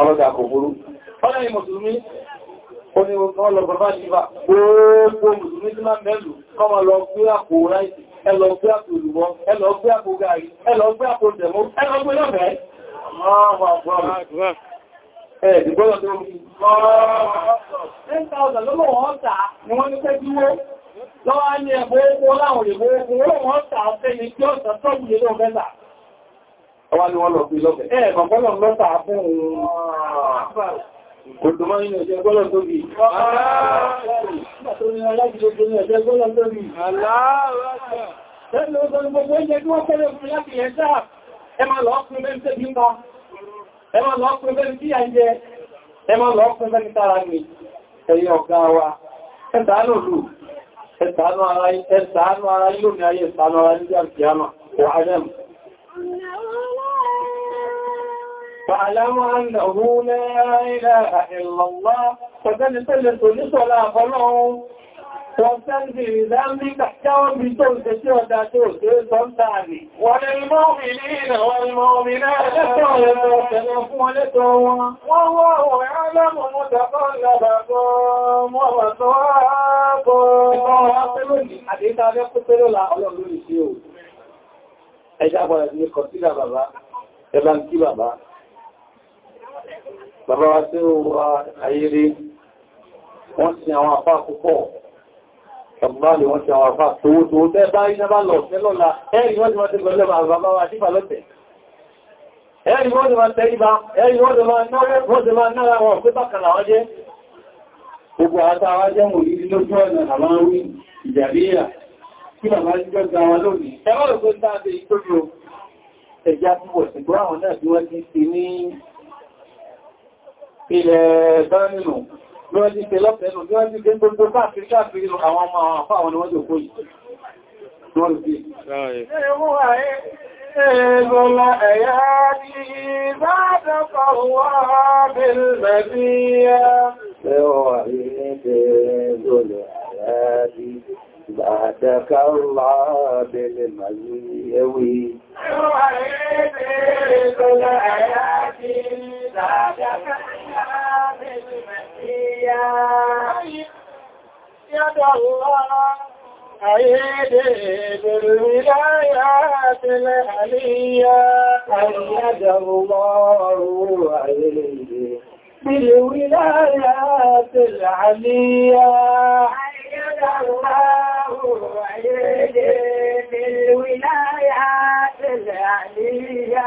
ọlọ́dà kò burú. Ọlọ́rin Mùsùlùmí, ó ní wọ́n lọ bàbá ṣífà, gbogbo Mùsùlùmí tí máa mẹ́lù, kọmọ lọ gbé àpò ráìsì, ẹ lọ gbé àpò olùwọ́, ẹ lọ gbé àpò gàrí, ẹ lọ gbé àpò tẹ̀mọ́, ẹ lọ gbé lọ́fẹ̀ẹ́. Lọ́wọ́ á ní ẹ̀bọ̀ ogun láwọn ìbò ogun olóòwò ọ̀tà ọ̀fẹ́ ni kí ọ̀tà tọ́gbù lè lọ́gbẹ́ta ọwá ni wọ́n lọ fi lọ́fẹ̀ ẹ̀ mọ̀gbọ́lọ̀ lọ́ta fún Òdùmọ́ inú ẹ̀ṣẹ́ gbọ́lọ̀ tóbi. Ẹmà lọ́pùn bẹ́ẹ̀ tí a ń jẹ, ẹmà lọ́pùn bẹ́ẹ̀ tára ní ẹ̀yẹ ọ̀gá wa, ẹ̀tàánù lù, ẹ̀tàánù ara yìí lónìí ayé ẹ̀tàánù ara yìí jẹ́ àti àmà, wà á rẹ̀mù. فاعلموا أنه لا إله إلا الله فتنسلت لصلاة فلعوا وتنزل ذنبك احتوى بسلسة وتأتوك سلطاني وللمؤمنين والمؤمنات ولتوكلتهم والله يعلم متقلبكم ومثواكم حديث هذا قتل لا أعلم للشيوخ Ẹjá bọ̀rẹ̀ ní kọ̀ sí bàbá, ẹ̀bá ń kí bàbá, bàbá wa tí ó wà ayéré wọ́n sí àwọn àfá púpọ̀ ọ̀gbọ́nlè wọ́n sí àwọn àfá tòó tòó tẹ́ bá iná bá lọ sí lọ́la ẹ̀rì wọ́n ti máa tẹ́ pẹ̀lú bàbá wa sí balọ́tẹ̀ ẹ̀rì wọ́n ti máa tẹ́ ibá ẹ̀rì wọ́n ti máa nára wọn pé bákanà wọ́n jẹ́ gbogbo àtà wá jẹ́ mò yìí lójú ọ̀nà àwọn orí ìjàríyà kí bàbá jíjọ́ ga wọn lónìí ẹwọ́n ògbó ń dáadé ìtójú ẹjá púpọ̀ ṣùgbọ́n àwọn náà bí wọ́n ti ní ilẹ̀ dánìlù bí wọ́n ti ṣe lọ́pẹ̀ẹ́nù bí wọ́n ti ṣe gbogbo káàkiri káàkiri àwọn ọmọ àwọn àfáà wọn ni wọ́n jòkó yìí wọ́n rí إذن أيادي بعد قوى بالمبيع وعيد ذو الأيادي يدعو الله أيدي بالولايات العليا أيد الله أيدي بالولايات العليا أيد الله أيدي بالولايات العليا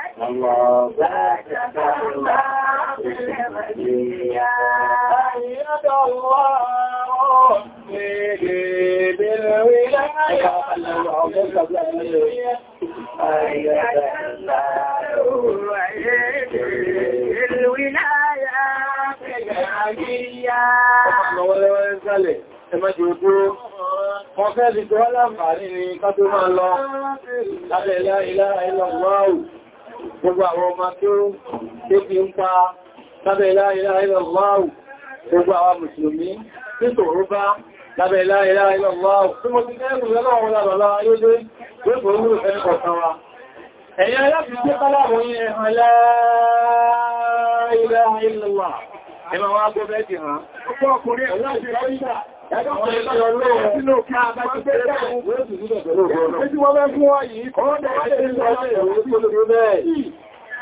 الله بارك الله بالنبي أيد الله به بالولاية أيد الله به بالولاية العليا Ẹmọ́jì ojú ọkẹ́ ìdíkọ́ láàrín ní ká tó máa lọ lábẹ́ ilá ilá ilọ̀ wáwù gbogbo àwọn ọmọ tí ó tébí ń pa lábẹ́ la ilaha illallah gbogbo àwọn mùsùlùmí tí tòrò bá lábẹ́ la ilaha illallah tí mo ti kẹ́rù lọ́wọ́ lábàlá ayóde gbogbo orúrù fẹ́ kọ̀ọ̀kan wa ẹ̀yà láti tí kọ́láwọ̀ yí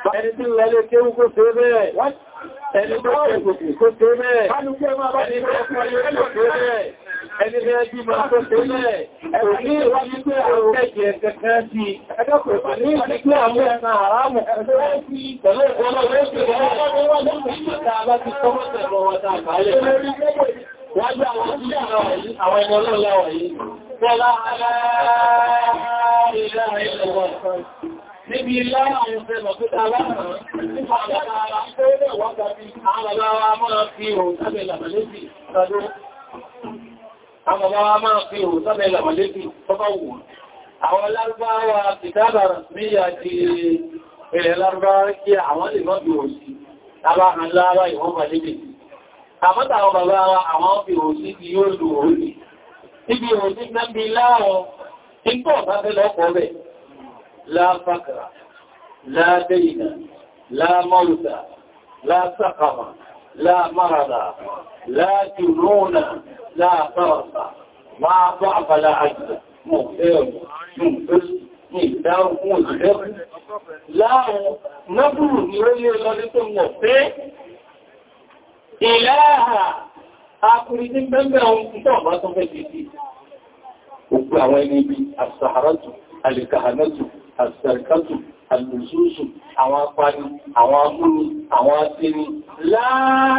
Ẹni tí ń lọlé kéwú kó ṣe bẹ́ẹ̀. Ẹni tó kẹ́kùnkùn kó ṣe bẹ́ẹ̀. Ẹni tó kẹ́kùnkùn kó ṣe bẹ́ẹ̀. Ẹni tó ẹgbìmọ̀ kó ṣe bẹ́ẹ̀. Ẹni ní ìwájú pé àwọn kẹ́kì ẹ̀kẹ́kẹ́ sí. Ẹgbẹ́kùnkùn ní ìpínlẹ̀ àwọn ẹ̀sàn àrámù. Ẹgbẹ́kùnkùn ní ìpínlẹ̀ àwọn ẹ̀sàn àrámù wọ́n gbá àwọn tí àwọn ẹni ọlọ́láwà yìí tọ́lá aláàrẹ̀lá ẹ̀lọ́wọ́ níbi láàrín ọ̀fẹ́ lọ́pítà láàrín nípa àwọn ará tó rẹ̀ wọ́n tàbí àwọn bàbá wa máa fi òun sábẹ̀ làmàlébì tọ́bá wù àwọn lárúbáwà ìdábà níyà ti ilẹ̀ lárúbáwà kí àwọn lè mọ́ bí òsì tàbá àlára ìwọ́n màlébì àmọ́ta àwọn bàbá àwọn fi òsí ti yóò lù orí ibi òsí náàbí láàrọ ìgbọ́ ọ̀bábẹ́lẹ̀ ọkọ̀ rẹ̀ láàfàkàrà láàdẹ́yìnà láàmọ́lùtà láàsàkàmà láàmáràdà láàjùlónà láàfàràsà máa bọ́ àbàlá àjìdà mọ̀ ẹ̀rùn ní ìdáhùn fún òṣìṣẹ́ ìlàáhà akùnrin tí bẹ́m̀bẹ̀ ohun tí tọ́ bá tún fẹ́ sí sí gbogbo àwọn ẹni ibi àṣàrátù alìkàhánátù àṣàrkátù alùsúsù àwọn apani àwọn amúni àwọn asíní láàá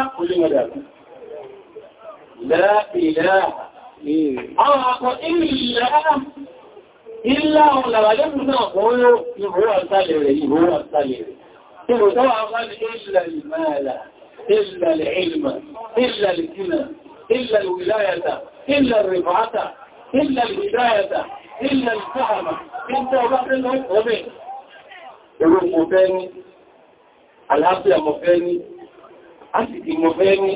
Ilá ọ̀nà àlẹ́kùn náà kò ń ló ìhòwà إلا العلم إلا الكنى إلا الولاية إلا الرفعة إلا الهداية إلا الفهم إنت وبعد الهدوة Ewé mo fẹ́ ní, àlàáfíà mo fẹ́ ní, àsìkí mo fẹ́ ní,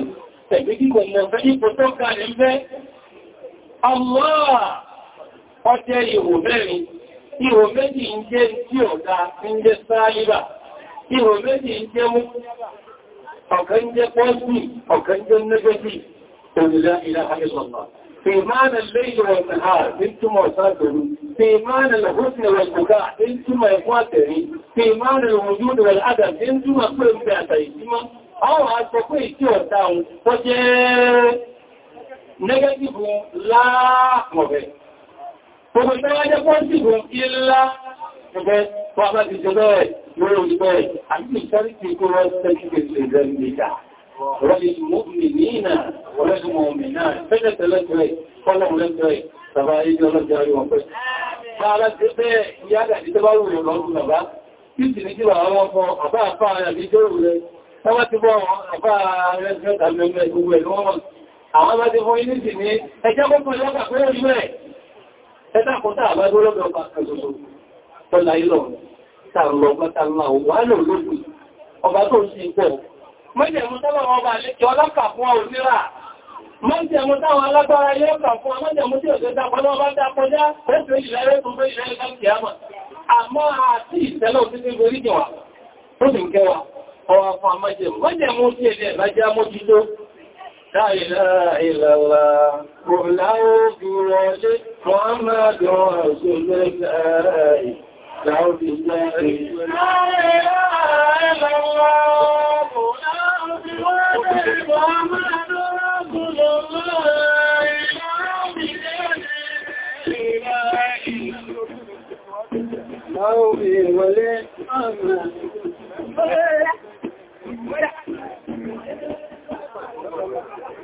tẹ̀gbé kíkò mo fẹ́ ipò tó ká ní fẹ́. Allah ọjẹ́ ìwò mẹ́rin, ìwò méjì ń jẹ́ tí ọ̀dá ń jẹ́ sáyíbà, ìwò méjì ń jẹ́ mú ọ̀kan jẹ́ pọ́sì ọ̀kan jẹ́ nẹ́gẹ́sì òlìlá ìlàhà ìlọ́lá في معنى الليل والنهار انتم وسادروا في معنى الحسن والبكاء انتم اخواتري في معنى الوجود والعدم انتم اقوم بأتيتم او اتقوا اتوا تاون وجه نيجاتيف لا مبه فبتاجه بوزيف الا ṣẹgbẹ́ tó a bá ti ṣe bẹ́ẹ̀ lórí ìgbẹ́ àti ìṣẹ́rìkì kó rọ́ sẹ́kìkì ìṣẹ́gbẹ́ nígbà رجل مؤمنين ورجل مؤمنات فجأة لك قلهم لك سبائيك لك جاري وفجأة قالت جدا يادع تبارو يقولون لبا كنت نجيب على وفا أفا أفا يبي جولي فما تبوا أفا يزيد أمم يقول لهم àwọn bá ti fún inú sí ní ẹjẹ́ kọ́kọ́ lọ́pàá pẹ́lú ìwẹ̀ ẹ̀ta kọ́ta àbájọ́ lọ́pàá ẹ̀sọ̀sọ̀ kọ́lá ilọ̀ tààrọ̀ mọ́tàlá wà lò lókùn ọba tó ń sin pọ̀. Mọ́jẹ̀mú táwọn ọba àlejò ọlọ́kà fún òsírà. Mọ́jẹ̀mú táwọn alágbára ilé ọkà fún ọmọ́jẹ̀mú tí òṣèdá pọ̀lọ́ ọba dá kọjá Ó sì ń kẹwàá ọwà fún àmọ́jẹ̀mú. Mọ́jẹ̀mú tí èdè ìbájá mójútó. Láìlá أعوذ بالله لا إله إلا الله محمد رسول الله Láwọ́bí wọlé àmà. Bọ́lá! Bọ́lá!